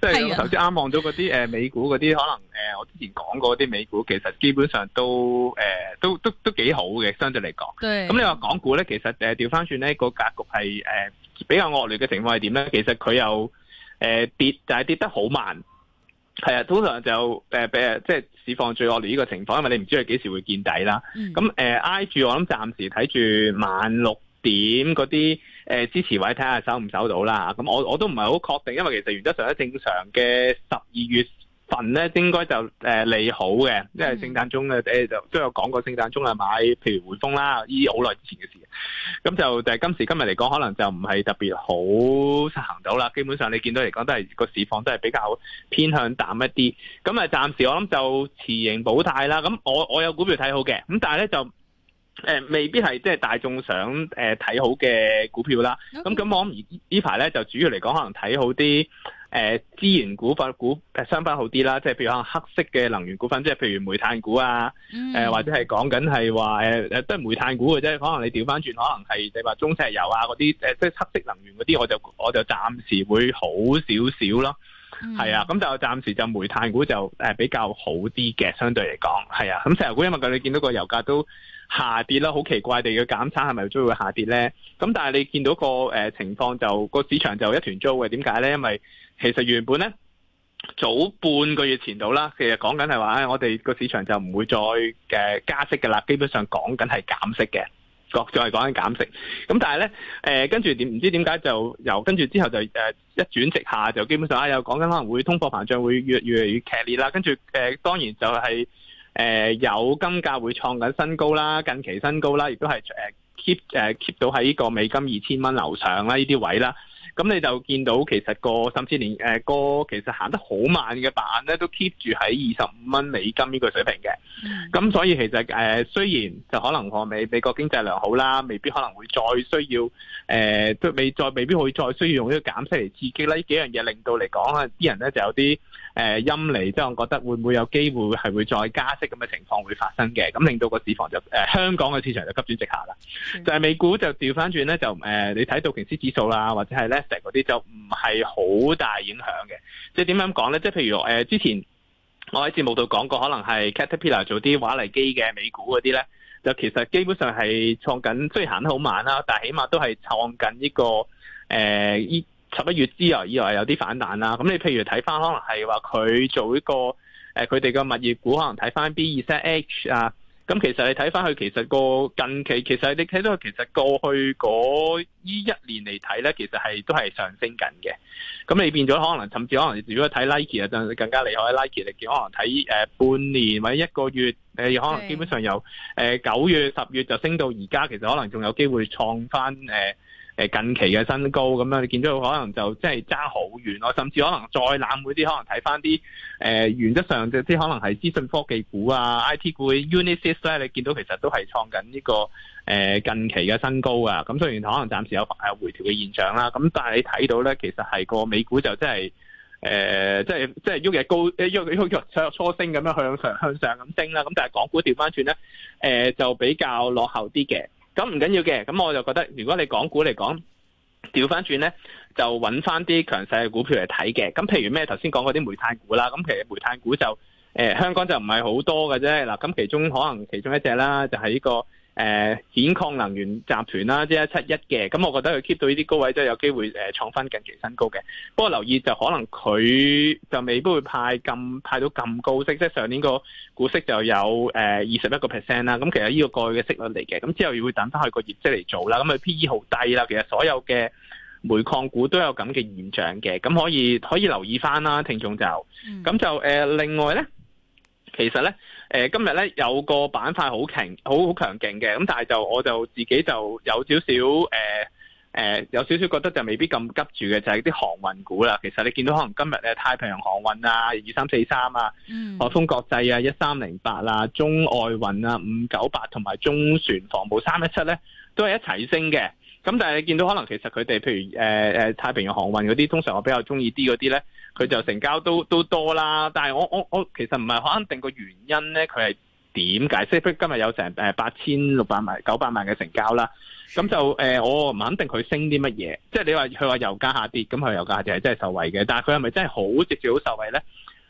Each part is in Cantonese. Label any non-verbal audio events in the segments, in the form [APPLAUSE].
即係我頭先啱望到嗰啲誒美股嗰啲，哎，可能誒我之前講過啲美股，其實基本上都誒、欸、都都都幾好嘅，相對嚟講。咁你話港股咧，其實誒掉返轉呢個格局係誒、呃、比較惡劣嘅情況係點咧？其實佢又誒、呃、跌，但係跌得好慢。係啊，通常就誒誒、呃、即係市況最惡劣呢個情況，因為你唔知佢幾時會見底啦。咁、嗯、誒、呃、挨住我諗，暫時睇住晚六點嗰啲。誒、呃，支持位睇下收唔收到啦，咁我我都唔係好確定，因為其實原則上喺正常嘅十二月份咧，應該就誒、呃、利好嘅，即係聖誕鐘咧誒、呃、就都有講過聖誕鐘係買，譬如匯豐啦，依好耐之前嘅事，咁就就係、今時今日嚟講，可能就唔係特別好實行到啦。基本上你見到嚟講都係個市況都係比較偏向淡一啲，咁啊暫時我諗就持盈保泰啦。咁我我有股票睇好嘅，咁但係咧就。誒未必係即係大眾想誒睇好嘅股票啦，咁、okay. 咁我諗呢排咧就主要嚟講，可能睇好啲誒資源股份股誒相反好啲啦，即係譬如可能黑色嘅能源股份，即係譬如煤炭股啊，誒、mm. 或者係講緊係話誒誒都係煤炭股嘅啫，可能你調翻轉，可能係你話中石油啊嗰啲誒即係黑色能源嗰啲，我就我就暫時會好少少咯。係啊，咁就暫時就煤炭股就誒比較好啲嘅，相對嚟講係啊。咁石油股因為佢你見到個油價都下跌啦，好奇怪地嘅減產係咪都會下跌咧？咁但係你見到個誒情況就個市場就一團糟嘅，點解咧？因為其實原本咧早半個月前度啦，其實講緊係話，誒、哎、我哋個市場就唔會再誒加息㗎啦，基本上講緊係減息嘅。再講緊減息，咁但係咧，誒跟住唔知點解就由跟住之後就誒一轉直下，就基本上啊又講緊可能會通貨膨脹會越越嚟越劇烈啦。跟住誒當然就係、是、誒、呃、有金價會創緊新高啦，近期新高啦，亦都係 keep、啊、keep 到喺呢個美金二千蚊樓上啦，呢啲位啦。咁你就見到其實個甚至連誒個、呃、其實行得好慢嘅板咧，都 keep 住喺二十五蚊美金呢個水平嘅。咁所以其實誒、呃、雖然就可能我美美國經濟良好啦，未必可能會再需要誒、呃、都未再未必會再需要用呢個減息嚟刺激啦。呢幾樣嘢令到嚟講啊，啲人咧就有啲。誒、呃、陰嚟，即係我覺得會唔會有機會係會再加息咁嘅情況會發生嘅。咁令到那個市房就誒、呃、香港嘅市場就急轉直下啦、嗯。就係、是、美股就調翻轉咧，就誒、呃、你睇道瓊斯指數啦，或者係納斯達克嗰啲，就唔係好大影響嘅。即係點樣講咧？即係譬如誒、呃、之前我喺節目度講過，可能係 Caterpillar 做啲挖泥機嘅美股嗰啲咧，就其實基本上係創緊，雖然行得好慢啦，但係起碼都係創緊呢個誒、呃十一月之後以來有啲反彈啦。咁你譬如睇翻，可能係話佢做一個誒，佢哋嘅物業股，可能睇翻 B 二 c e t H 啊。咁其實你睇翻佢，其實個近期，其實你睇到佢，其實過去嗰依一年嚟睇咧，其實係都係上升緊嘅。咁你變咗可能，甚至可能如果睇 Nike 啊，就更加厲害。Nike 你見，可能睇半年或者一個月，可能基本上由九月十月就升到而家，其實可能仲有機會創翻誒。誒近期嘅新高咁樣，你見到可能就即係爭好遠咯，甚至可能再冷會啲。可能睇翻啲誒原則上嘅啲，即可能係資訊科技股啊、IT 股、Unisys 咧，你見到其實都係創緊呢、這個誒、呃、近期嘅新高啊！咁雖然可能暫時有誒回調嘅現象啦，咁但係你睇到咧，其實係個美股就真係誒，即係即係喐嘅高，一喐喐初初升咁樣向上向上咁升啦。咁但係港股調翻轉咧，誒、呃、就比較落後啲嘅。咁唔緊要嘅，咁我就覺得如果你港股嚟講，調翻轉呢，就揾翻啲強勢嘅股票嚟睇嘅。咁譬如咩頭先講嗰啲煤炭股啦，咁其實煤炭股就、呃、香港就唔係好多嘅啫。嗱，咁其中可能其中一隻啦，就係、是、呢個。誒，兗礦能源集團啦，即係七一嘅，咁我覺得佢 keep 到呢啲高位都係、即係、有機會誒，創翻近期新高嘅。不過留意就可能佢就未必會派咁派到咁高息，即係上年個股息就有誒二十一個 percent 啦。咁其實呢個過去嘅息率嚟嘅，咁之後要等翻佢個業績嚟做啦。咁佢 P/E 好低啦，其實所有嘅煤礦股都有咁嘅現象嘅。咁可以可以留意翻啦，聽眾就咁就誒、呃，另外咧，其實咧。誒今日咧有個板塊好強，好好強勁嘅，咁但係就我就自己就有少少誒誒有少少覺得就未必咁急住嘅，就係、是、啲航運股啦。其實你見到可能今日咧太平洋航運啊、二三四三啊、海豐國際啊、一三零八啦、中外運啊、五九八同埋中船防務三一七咧，都係一齊升嘅。咁但係你見到可能其實佢哋譬如誒、呃、太平洋航運嗰啲，通常我比較中意啲嗰啲咧，佢就成交都都多啦。但係我我我其實唔係肯定個原因咧，佢係點解？即係今日有成誒八千六百萬九百萬嘅成交啦。咁就誒、呃，我唔肯定佢升啲乜嘢。即係你話佢話油價下跌，咁佢油價下跌係真係受惠嘅。但係佢係咪真係好直接好受惠咧？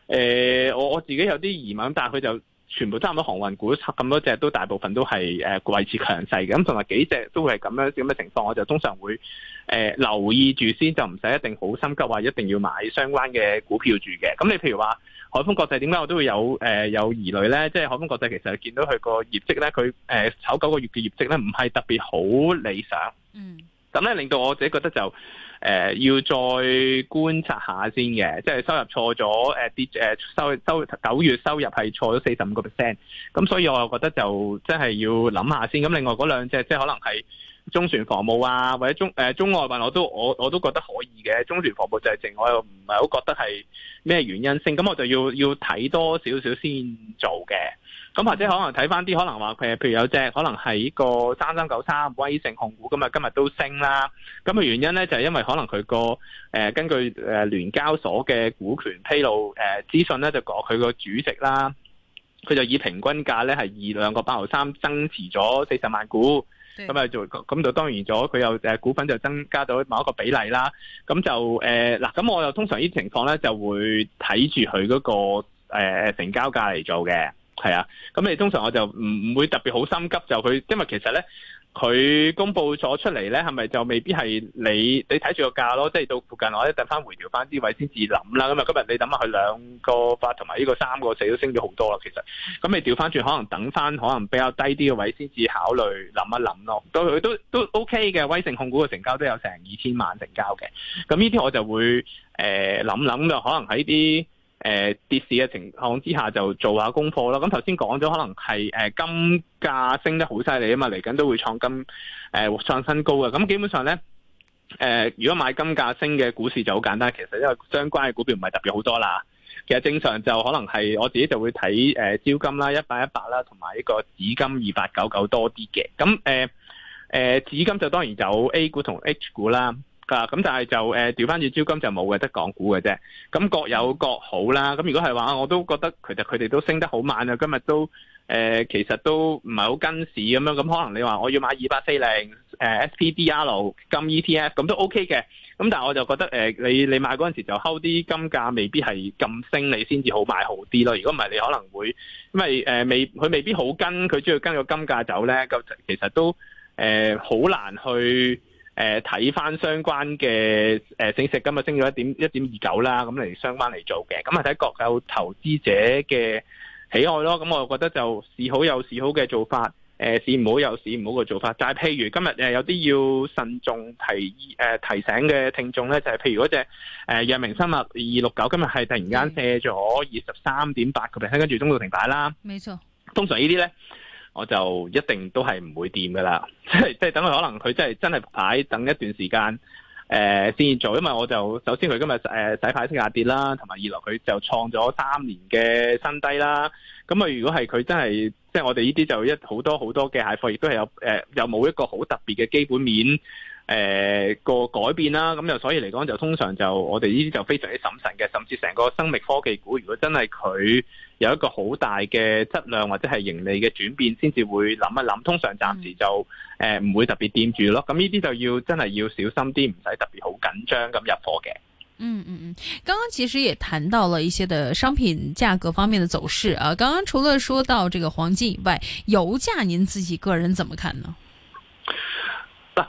誒、呃，我我自己有啲疑問，但係佢就。全部差唔多航運股，咁多隻都大部分都係誒位置強勢嘅，咁同埋幾隻都會係咁樣咁嘅情況，我就通常會誒、呃、留意住先，就唔使一定好心急話一定要買相關嘅股票住嘅。咁你譬如話海豐國際，點解我都會有誒、呃、有疑慮咧？即、就、係、係、海豐國際其實見到佢個業績咧，佢誒炒九個月嘅業績咧，唔係特別好理想。嗯。咁咧令到我自己覺得就誒、呃、要再觀察下先嘅，即係收入錯咗誒跌收收九月收入係錯咗四十五個 percent，咁所以我又覺得就即係要諗下先。咁另外嗰兩隻即係可能係中船防務啊，或者中誒、呃、中外運，我都我我都覺得可以嘅。中船防務就係淨我又唔係好覺得係咩原因性。咁我就要要睇多少少先做嘅。咁、嗯、或者可能睇翻啲，可能話佢誒，譬如有隻可能喺個三三九三威勝控股咁啊，今日都升啦。咁、那、佢、個、原因咧就係、是、因為可能佢個誒根據誒聯交所嘅股權披露誒、呃、資訊咧，就講佢個主席啦，佢就以平均價咧係二兩個八毫三增持咗四十萬股，咁啊就咁就當然咗佢又股份就增加咗某一個比例啦。咁就誒嗱，咁、呃、我又通常呢情況咧就會睇住佢嗰個、呃、成交價嚟做嘅。係啊，咁你通常我就唔唔會特別好心急，就佢，因為其實咧佢公布咗出嚟咧，係咪就未必係你你睇住個價咯，即係到附近我一陣翻回調翻啲位先至諗啦。咁啊，今日你諗下佢兩個八同埋呢個三個四都升咗好多啦，其實，咁你調翻轉可能等翻可能比較低啲嘅位先至考慮諗一諗咯。都佢都都 OK 嘅，威盛控股嘅成交都有成二千萬成交嘅，咁呢啲我就會誒諗諗嘅，可能喺啲。誒、呃，跌市嘅情況之下就做下功課啦。咁頭先講咗，可能係誒、呃、金價升得好犀利啊嘛，嚟緊都會創金誒、呃、創新高嘅。咁、嗯、基本上咧，誒、呃、如果買金價升嘅股市就好簡單，其實因為相關嘅股票唔係特別好多啦。其實正常就可能係我自己就會睇誒、呃、招金啦，一八一八啦，同埋呢個紫金二八九九多啲嘅。咁誒誒紫金就當然有 A 股同 H 股啦。咁、啊、但係就誒調翻轉招金就冇嘅，得港股嘅啫。咁各有各好啦。咁如果係話，我都覺得其實佢哋都升得好慢啊。今日都誒、呃，其實都唔係好跟市咁樣。咁、嗯、可能你話我要買二八四零誒 SPDR 金 ETF，咁都 OK 嘅。咁、嗯、但係我就覺得誒、呃，你你買嗰陣時就 hold 啲金價，未必係咁升，你先至好買好啲咯。如果唔係，你可能會因為誒、呃、未佢未必好跟，佢主要跟個金價走咧。咁其實都誒好、呃、難去。誒睇翻相關嘅誒正石，今日升咗一點一點二九啦，咁嚟相關嚟做嘅。咁啊睇各有投資者嘅喜愛咯。咁我覺得就市好有市好嘅做法，誒市唔好有市唔好嘅做法。但、就、係、是、譬如今日誒有啲要慎重提誒提醒嘅聽眾咧，就係、是、譬如嗰隻誒藥明生物二六九，今日係突然間瀉咗二十三點八個 percent，跟住中途停牌啦。冇錯。通常呢啲咧。我就一定都係唔會掂噶啦，即係即係等佢可能佢真係真係擺等一段時間，誒、呃、先做，因為我就首先佢今日誒、呃、洗牌升下跌啦，同埋二來佢就創咗三年嘅新低啦。咁啊，如果係佢真係即係我哋呢啲就一好多好多嘅蟹貨，亦都係有誒、呃、有冇一個好特別嘅基本面誒、呃、個改變啦。咁又所以嚟講就通常就我哋呢啲就非常之審慎嘅，甚至成個生命科技股如果真係佢。有一個好大嘅質量或者係盈利嘅轉變，先至會諗一諗。通常暫時就誒唔會特別掂住咯。咁呢啲就要真係要小心啲，唔使特別好緊張咁入貨嘅。嗯嗯嗯，剛剛其實也談到了一些的商品價格方面嘅走勢啊。剛剛除了說到這個黃金以外，油價您自己個人怎麼看呢？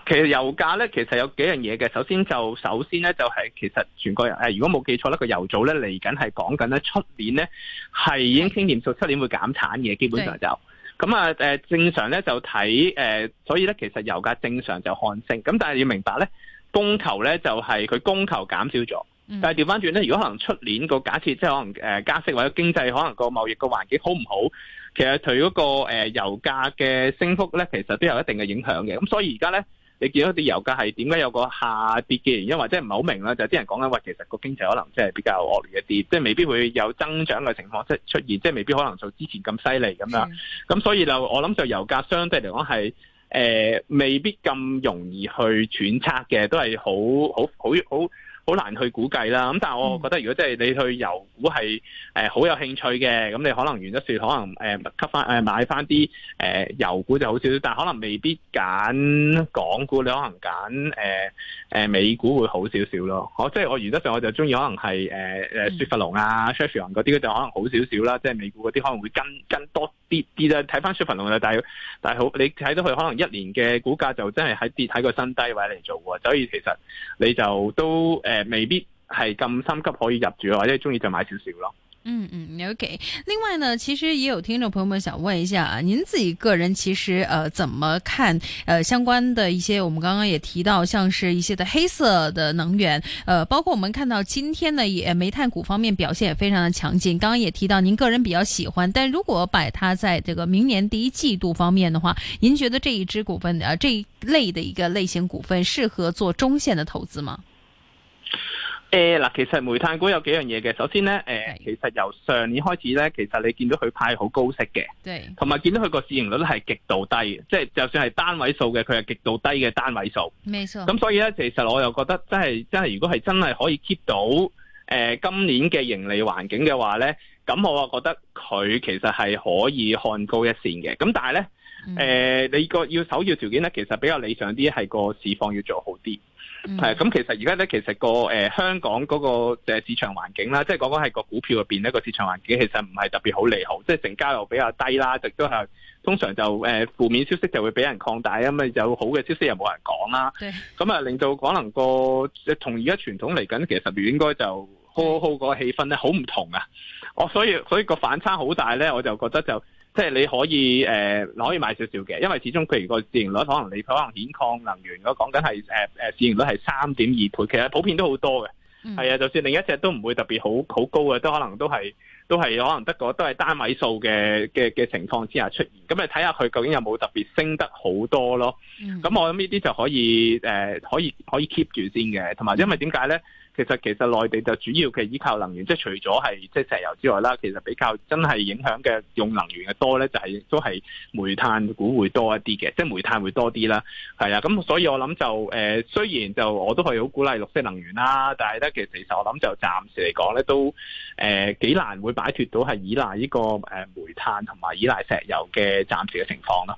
其實油價咧，其實有幾樣嘢嘅。首先就首先咧，就係、是、其實全國誒，如果冇記錯咧，個油組咧嚟緊係講緊咧出年咧係已經傾掂數，出年會減產嘅，基本上就咁啊。誒，正常咧就睇誒，所以咧其實油價正常就看升。咁但係要明白咧，供求咧就係、是、佢供求減少咗、嗯。但係調翻轉咧，如果可能出年個假設即係可能誒加息或者經濟可能個貿易個環境好唔好，其實對嗰個誒油價嘅升幅咧，其實都有一定嘅影響嘅。咁所以而家咧。你見到啲油價係點解有個下跌嘅原因，或者唔係好明啦，就啲人講緊話，其實個經濟可能即係比較惡劣一啲，即係未必會有增長嘅情況即係出現，即係未必可能就之前咁犀利咁樣。咁所以就我諗就油價相對嚟講係誒，未必咁容易去揣測嘅，都係好好好好。好難去估計啦，咁但係我覺得如果即係你去油股係誒好有興趣嘅，咁、嗯、你可能原則上可能誒吸翻誒買翻啲誒油股就好少少，但可能未必揀港股，你可能揀誒、呃、美股會好少少咯。即係我原則上我就中意可能係誒、呃、雪佛龍啊、t i f f n 嗰啲就可能好少少啦，即係美股嗰啲可能會跟跟多啲啲啦。睇翻雪佛龍咧，但係但好你睇到佢可能一年嘅股價就真係喺跌喺個新低位嚟做喎，所以其實你就都、呃呃未必係咁心急可以入住啊，或者中意就買少少咯。嗯嗯，OK。另外呢，其實也有聽眾朋友們想問一下啊，您自己個人其實、呃、怎麼看、呃、相關的一些，我們剛剛也提到，像是一些的黑色的能源，呃、包括我們看到今天呢，也煤炭股方面表現也非常的強勁。剛剛也提到，您個人比較喜歡，但如果擺它在這個明年第一季度方面的話，您覺得這一支股份，誒、呃，這一類的一個類型股份，適合做中線的投資嗎？誒，嗱，其實煤炭股有幾樣嘢嘅。首先咧，誒、okay. 呃，其實由上年開始咧，其實你見到佢派好高息嘅，同埋見到佢個市盈率係極度低，即係就算係單位數嘅，佢係極度低嘅單位數。冇錯。咁所以咧，其實我又覺得真，真係真係，如果係真係可以 keep 到，誒、呃，今年嘅盈利環境嘅話咧，咁我又覺得佢其實係可以看高一線嘅。咁但係咧，誒、嗯呃，你個要首要條件咧，其實比較理想啲係個市況要做好啲。係、嗯、咁、啊，其實而家咧，其實、那個誒、呃、香港嗰個誒市場環境啦，即係講講係個股票入邊咧個市場環境，其實唔係特別好利好，即、就、係、是、成交又比較低啦，亦都係通常就誒負、呃、面消息就會俾人擴大，咁啊有好嘅消息又冇人講啦，咁啊令到可能、那個同而家傳統嚟緊，其實應該就好好，好、那個氣氛咧，好唔同啊！我、哦、所以所以個反差好大咧，我就覺得就。即係你可以誒、呃，可以買少少嘅，因為始終譬如個市盈率可能你可能兗礦能源嗰講緊係誒市盈率係三點二倍，其實普遍都好多嘅。啊、嗯，就算另一隻都唔會特別好好高嘅，都可能都係都係可能得個都係單位數嘅嘅嘅情況之下出現。咁你睇下佢究竟有冇特別升得好多咯？咁、嗯、我諗呢啲就可以誒、呃，可以可以 keep 住先嘅，同埋因為點解咧？其實其實內地就主要嘅依靠能源，即係除咗係即係石油之外啦，其實比較真係影響嘅用能源嘅多咧，就係、是、都係煤炭股會多一啲嘅，即係煤炭會多啲啦。係啊，咁所以我諗就誒、呃，雖然就我都係好鼓勵綠色能源啦，但係咧其實其實我諗就暫時嚟講咧都誒幾、呃、難會擺脫到係依賴呢個誒煤炭同埋依賴石油嘅暫時嘅情況啦。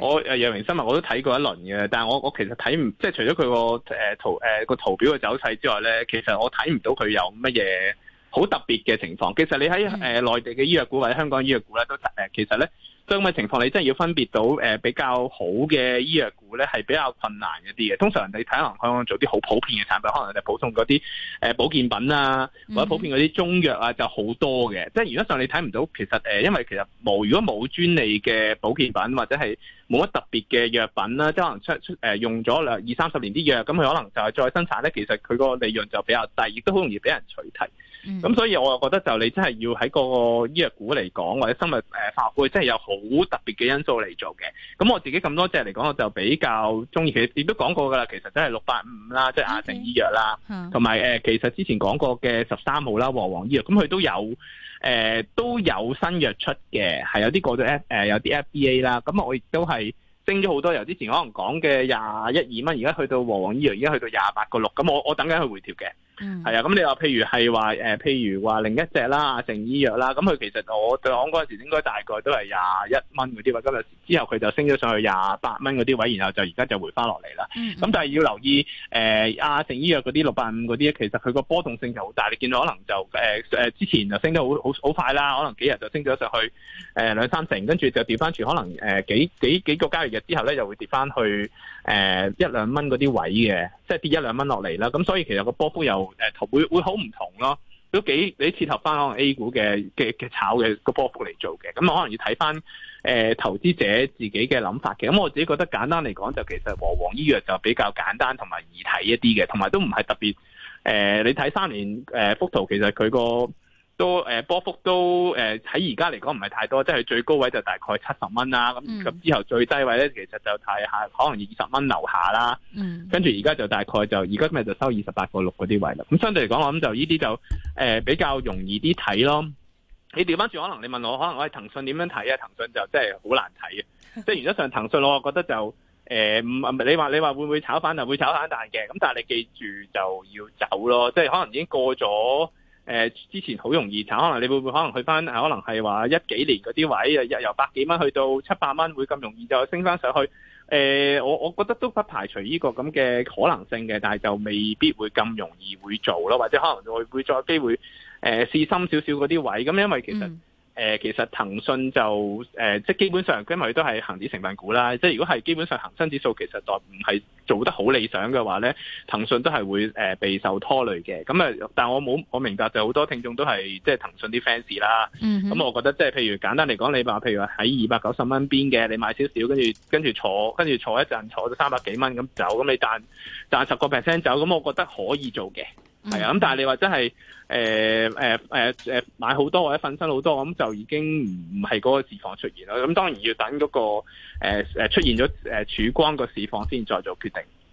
[MUSIC] 我誒楊榮森啊，我都睇過一輪嘅，但係我我其實睇唔即係除咗佢個誒圖誒個、呃、圖表嘅走勢之外咧，其實我睇唔到佢有乜嘢好特別嘅情況。其實你喺誒、呃、內地嘅醫藥股或者香港醫藥股咧都誒、呃，其實咧。咁嘅情況，你真係要分別到誒、呃、比較好嘅醫藥股咧，係比較困難一啲嘅。通常你睇下，可能做啲好普遍嘅產品，可能你哋普通嗰啲誒保健品啊，或者普遍嗰啲中藥啊，就好多嘅。Mm -hmm. 即係如果上你睇唔到，其實誒、呃，因為其實冇，如果冇專利嘅保健品或者係冇乜特別嘅藥品啦，即係可能出出、呃、用咗兩二三十年啲藥，咁佢可能就係再生產咧，其實佢個利潤就比較低，亦都好容易俾人取替。咁所以我又覺得就你真係要喺個醫藥股嚟講，或者生物誒發佈會，真係有好特別嘅因素嚟做嘅。咁我自己咁多隻嚟講，我就比較中意。其實亦都講過噶啦，其實真係六八五五啦，即係亞盛醫藥啦，同埋誒其實之前講過嘅十三號啦，和黃醫藥，咁佢都有誒都有新藥出嘅，係有啲過咗 F 誒有啲 FDA 啦。咁我亦都係升咗好多，由之前可能講嘅廿一二蚊，而家去到和黃醫藥，而家去到廿八個六。咁我我等緊佢回調嘅。係啊，咁你話譬如係話誒，譬如話另一隻啦，阿成醫藥啦，咁佢其實我講嗰陣時應該大概都係廿一蚊嗰啲位，今日之後佢就升咗上去廿八蚊嗰啲位，然後就而家就回翻落嚟啦。咁、嗯、但係要留意誒，阿、呃啊、成醫藥嗰啲六百五嗰啲，其實佢個波動性就好大。你見到可能就誒誒、呃，之前就升得好好好快啦，可能幾日就升咗上去誒兩、呃、三成，跟住就跌翻轉，可能誒、呃、幾幾幾個交易日之後咧，又會跌翻去誒、呃、一兩蚊嗰啲位嘅。即係跌一兩蚊落嚟啦，咁所以其實個波幅又誒，會會好唔同咯。都幾你切合翻可能 A 股嘅嘅嘅炒嘅個波幅嚟做嘅，咁啊可能要睇翻誒投資者自己嘅諗法嘅。咁我自己覺得簡單嚟講，就其實和黃醫藥就比較簡單同埋易睇一啲嘅，同埋都唔係特別誒、呃。你睇三年誒、呃、幅圖，其實佢個。都、呃、波幅都誒喺而家嚟講唔係太多，即係最高位就大概七十蚊啦。咁、嗯、咁之後最低位咧，其實就睇下可能二十蚊樓下啦。嗯，跟住而家就大概就而家今日就收二十八個六嗰啲位啦。咁相對嚟講，我諗就呢啲就誒、呃、比較容易啲睇咯。你調返轉，可能你問我，可能我係、哎、騰訊點樣睇啊？騰訊就真係好難睇嘅、啊。 [LAUGHS] 即係原則上騰訊，我覺得就誒、呃，你話你話會唔會炒反啊？會炒反彈嘅。咁但係你記住就要走咯。即係可能已經過咗。誒之前好容易炒，可能你會唔會可能去翻？可能係話一幾年嗰啲位，由由百幾蚊去到七百蚊，會咁容易就升翻上去？誒、呃，我我覺得都不排除呢個咁嘅可能性嘅，但係就未必會咁容易會做咯，或者可能會會再機會誒、呃、試深少少嗰啲位。咁因為其實、嗯。誒其實騰訊就誒即基本上因為都係恒指成分股啦。即如果係基本上恒生指數其實代唔係做得好理想嘅話咧，騰訊都係會誒備受拖累嘅。咁啊，但我冇我明白就好多聽眾都係即係騰訊啲 fans 啦。咁、嗯、我覺得即係譬如簡單嚟講，你話譬如喺二百九十蚊邊嘅，你買少少，跟住跟住坐，跟住坐一陣，坐咗三百幾蚊咁走，咁你賺賺十個 percent 走，咁我覺得可以做嘅。係啊，咁但係你話真係誒誒買好多或者瞓身好多，咁就已經唔係嗰個市況出現啦。咁當然要等嗰、那個誒、呃、出現咗誒曙光個市況先再做決定。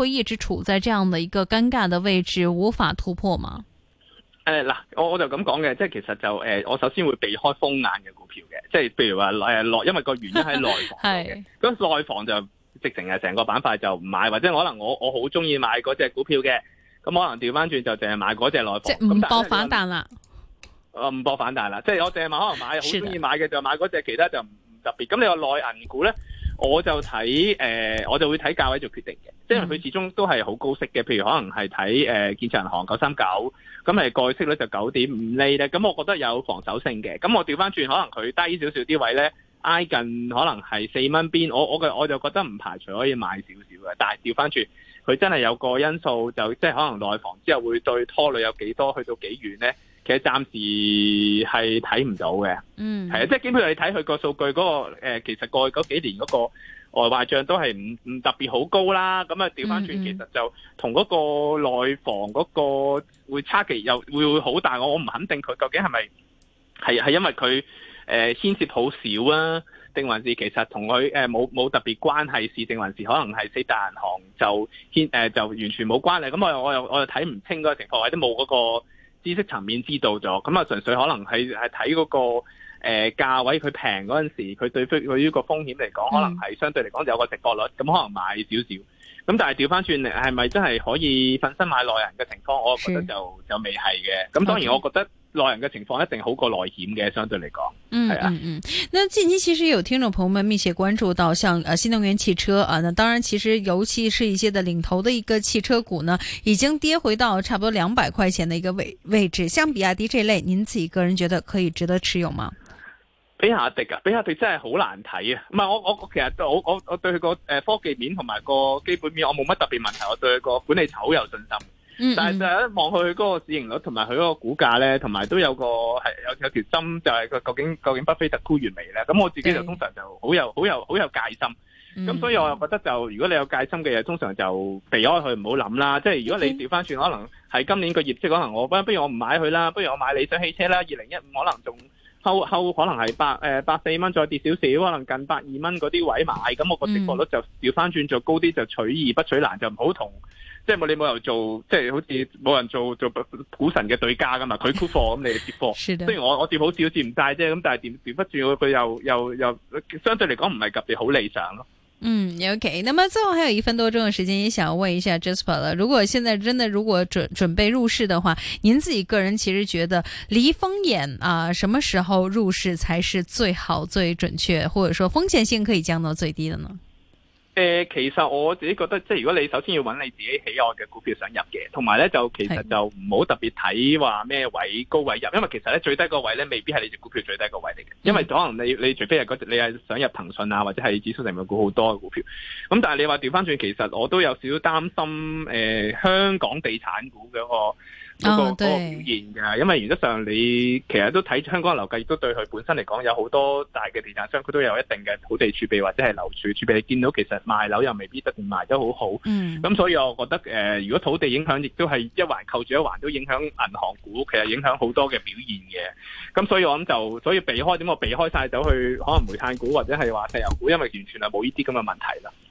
會一直處在這樣的一個尷尬的位置，無法突破嗎？誒、呃、嗱，我我就咁講嘅，即係其實就誒、呃，我首先會避開風眼嘅股票嘅，即係譬如話誒內，因為個原因喺內房嘅，咁 [LAUGHS] 內房就直情係，成 [LAUGHS] 個板塊就唔買，或者可能我我好中意買嗰隻股票嘅，咁可能調翻轉就淨係買嗰隻內房，即唔博反彈啦。誒、呃，唔博反彈啦，即係我淨係買可能買好中意買嘅，就買嗰隻，其他就唔特別。咁你話內銀股咧？我就睇誒、呃，我就會睇價位做決定嘅，即係佢始終都係好高息嘅。譬如可能係睇誒建設銀行九三九，咁佢個息率就九點五厘咧。咁我覺得有防守性嘅。咁我調翻轉，可能佢低少少啲位咧，挨近可能係四蚊邊。我我嘅我就覺得唔排除可以買少少嘅。但係調翻轉，佢真係有個因素就即係可能內房之後會對拖累有幾多，去到幾遠咧？其實暫時係睇唔到嘅，係啊，即係基本上你睇佢個數據嗰個誒，其實過去嗰幾年嗰個外壞賬都係唔唔特別好高啦。咁啊調返轉，其實就同嗰個內房嗰個會差距又會會好大。我我唔肯定佢究竟係咪係係因為佢誒牽涉好少啊？定還是其實同佢誒冇冇特別關係？是定還是可能係四大銀行就牽誒就完全冇關係？咁我又我又我又睇唔清嗰個情況，或者冇嗰個。知識層面知道咗，咁啊純粹可能係係睇嗰個誒、呃、價位，佢平嗰陣時，佢對於佢呢個風險嚟講、嗯，可能係相對嚟講就有個值博率，咁可能買少少。咁但係調翻轉嚟，係咪真係可以瞓身買內銀嘅情況？我覺得就就未係嘅。咁當然我覺得。內人嘅情況一定好過內險嘅，相對嚟講，係、嗯、啊，嗯，那近期其實有聽眾朋友們密切關注到，像誒新能源汽車啊，那當然其實尤其是一些的領頭的一個汽車股呢，已經跌回到差不多兩百塊錢的一個位位置。像比亞迪這類，您自己個人覺得可以值得持有嗎？比亞迪啊，比亞迪真係好難睇啊！唔係我我我其實我我我對佢個誒科技面同埋個基本面我冇乜特別問題，我對佢個管理層好有信心。但係就係一望佢嗰個市盈率同埋佢嗰個股價咧，同埋都有個係有有條針，就係佢究竟究竟巴菲特沽完未咧？咁我自己就通常就有好有好有好有戒心。咁、嗯、所以我又覺得就如果你有戒心嘅嘢，通常就避開佢唔好諗啦。即係如果你調翻轉，可能係今年個業績，可能我不不如我唔買佢啦，不如我買理想汽車啦。二零一五可能仲後後，後可能係百誒百四蚊再跌少少，可能近百二蚊嗰啲位買，咁我個折合率就調翻轉就高啲，就取易不取難，就唔好同。即係冇，你冇人做，即係好似冇人做做股神嘅對家噶嘛，佢沽貨咁你接貨， [LAUGHS] 雖然我我接好少接唔晒啫，咁但係跌跌不住，佢又又又相對嚟講唔係特別好理想咯。嗯，OK，那麼最後還有一分多鐘嘅時間，也想問一下 Jasper 啦。如果現在真的如果準準備入市嘅話，您自己個人其實覺得離風險啊，什麼時候入市才是最好最準確，或者說風險性可以降到最低嘅呢？呃、其實我自己覺得，即係如果你首先要揾你自己喜愛嘅股票想入嘅，同埋咧就其實就唔好特別睇話咩位高位入，因為其實咧最低個位咧未必係你隻股票最低個位嚟嘅，因為可能你你除非係你係想入騰訊啊或者係指數成分股好多嘅股票，咁、嗯、但係你話調翻轉，其實我都有少少擔心誒、呃、香港地產股嘅個。嗰、嗰個 oh, 嗰個表現㗎，因為原則上你其實都睇香港樓價，亦都對佢本身嚟講有好多大嘅地產商，佢都有一定嘅土地儲備或者係樓儲儲備。你見到其實賣樓又未必特別賣得好好，咁、mm. 所以我覺得誒、呃，如果土地影響，亦都係一環扣住一環，都影響銀行股，其實影響好多嘅表現嘅。咁所以我諗就所以避開點，我避開晒走去可能煤炭股或者係話石油股，因為完全係冇呢啲咁嘅問題啦。